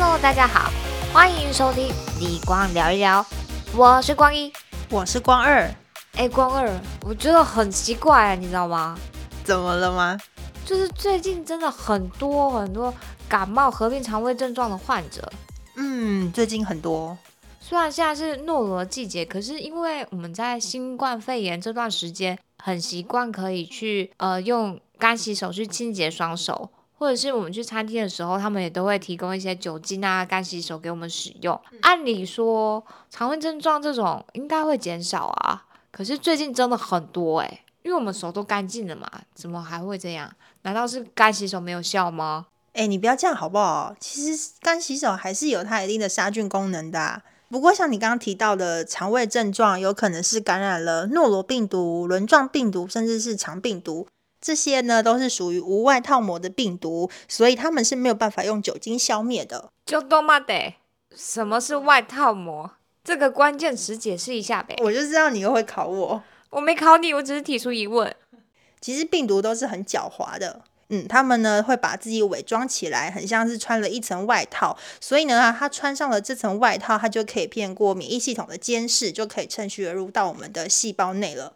Hello，大家好，歡迎收聽《立光聊一聊》。我是光一，我是光二。哎，光二，我覺得很奇怪啊，你知道嗎？怎麼了嗎？就是最近真的很多很多感冒合併腸胃症狀的患者。嗯，最近很多。雖然現在是諾羅季節，可是因為我們在新冠肺炎這段時間很習慣可以去呃用乾洗手去清潔雙手。或者是我們去餐廳的時候，他們也都會提供一些酒精啊、乾洗手給我們使用。按理說，腸胃症狀這種應該會減少啊，可是最近真的很多誒、欸，因為我們手都乾淨了嘛，怎麼還會這樣？難道是乾洗手沒有效嗎？誒、欸，你不要這樣好不好？其實乾洗手還是有它一定的殺菌功能的、啊。不過像你剛剛提到的腸胃症狀，有可能是感染了諾羅病毒、輪狀病毒，甚至是腸病毒。這些呢，都是屬於無外套膜的病毒，所以他們是沒有辦法用酒精消滅的。就多嘛得？什麼是外套膜？這個關鍵詞解釋一下唄。我就知道你又會考我。我沒考你，我只是提出疑問。其實病毒都是很狡猾的，嗯，他們呢，會把自己偽裝起來，很像是穿了一層外套。所以呢、啊，他穿上了這層外套，他就可以騙過免疫系統的監視，就可以趁虛而入到我們的細胞內了。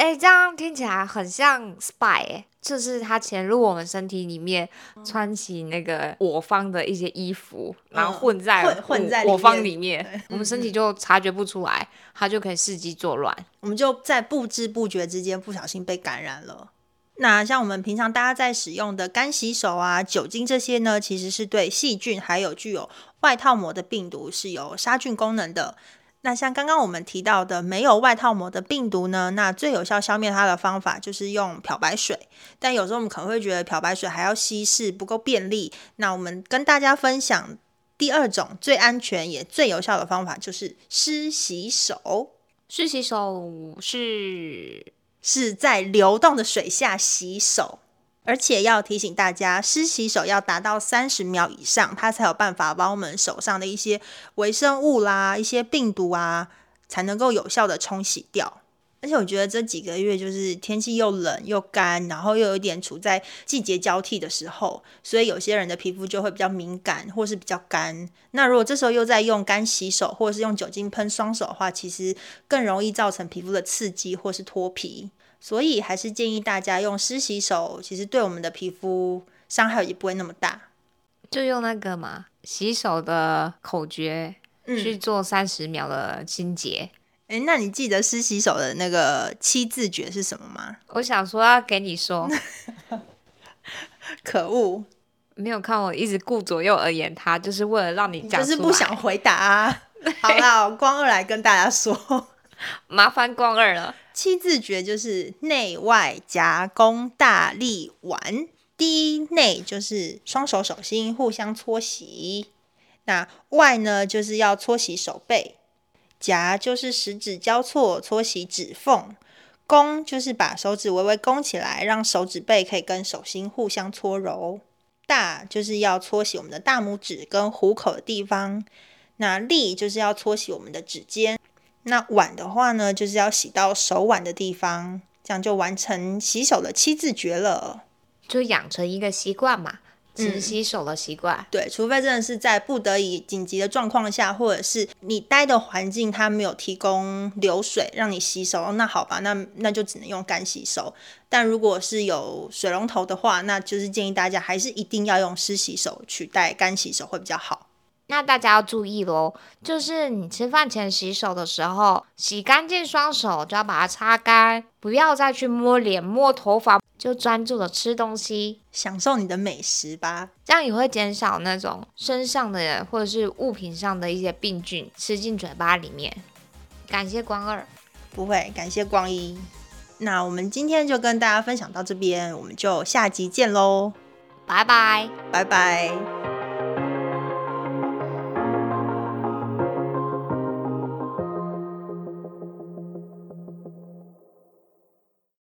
哎，這樣聽起來很像 spy，哎、欸，就是它潛入我們身體裡面，穿起那個我方的一些衣服，嗯、然後混在混在我方裡面，我們身體就察覺不出來，它就可以伺機作亂， 我們就在不知不覺之間不小心被感染了。那像我們平常大家在使用的乾洗手啊、酒精這些呢，其實是對細菌還有具有外套膜的病毒是有殺菌功能的。那像剛剛我們提到的沒有外套膜的病毒呢？那最有效消滅它的方法就是用漂白水。但有時候我們可能會覺得漂白水還要稀釋，不夠便利。那我們跟大家分享第二種最安全也最有效的方法，就是濕洗手。濕洗手是是在流動的水下洗手。而且要提醒大家，濕洗手要達到三十秒以上，它才有辦法把我們手上的一些微生物啦、一些病毒啊，才能夠有效的沖洗掉。而且我覺得這幾個月就是天氣又冷又乾，然後又有點處在季節交替的時候，所以有些人的皮膚就會比較敏感，或是比較乾。那如果這時候又在用乾洗手，或者是用酒精噴雙手的話，其實更容易造成皮膚的刺激或是脫皮。所以還是建議大家用濕洗手，其實對我們的皮膚傷害也不會那麼大。就用那個嘛洗手的口訣、嗯、去做三十秒的清潔。哎，那你記得濕洗手的那個七字訣是什麼嗎？我想說要給你說， 可惡，沒有看，我一直顧左右而言他，就是為了讓你講，你就是不想回答啊。 對好了，光二來跟大家說。麻煩光二了。七字訣就是內外夾弓大立腕。第一內就是雙手手心互相搓洗，那外呢，就是要搓洗手背，夾就是十指交錯搓洗指縫，弓就是把手指微微弓起來，讓手指背可以跟手心互相搓揉。大就是要搓洗我們的大拇指跟虎口的地方，那立就是要搓洗我們的指尖。那腕的話呢，就是要洗到手腕的地方，這樣就完成洗手的七字訣了，就養成一個習慣嘛，勤洗手的習慣、嗯。對，除非真的是在不得已、緊急的狀況下，或者是你待的環境它沒有提供流水讓你洗手，那好吧，那那就只能用乾洗手。但如果是有水龍頭的話，那就是建議大家還是一定要用濕洗手取代乾洗手會比較好。那大家要注意嘍，就是你吃飯前洗手的時候，洗乾淨雙手就要把它擦乾，不要再去摸臉、摸頭髮，就專注的吃東西，享受你的美食吧。這樣也會減少那種身上的人或者是物品上的一些病菌，吃進嘴巴裡面。感謝光二，不會感謝光一。那我們今天就跟大家分享到這邊，我們就下集見嘍，拜拜 bye，拜拜。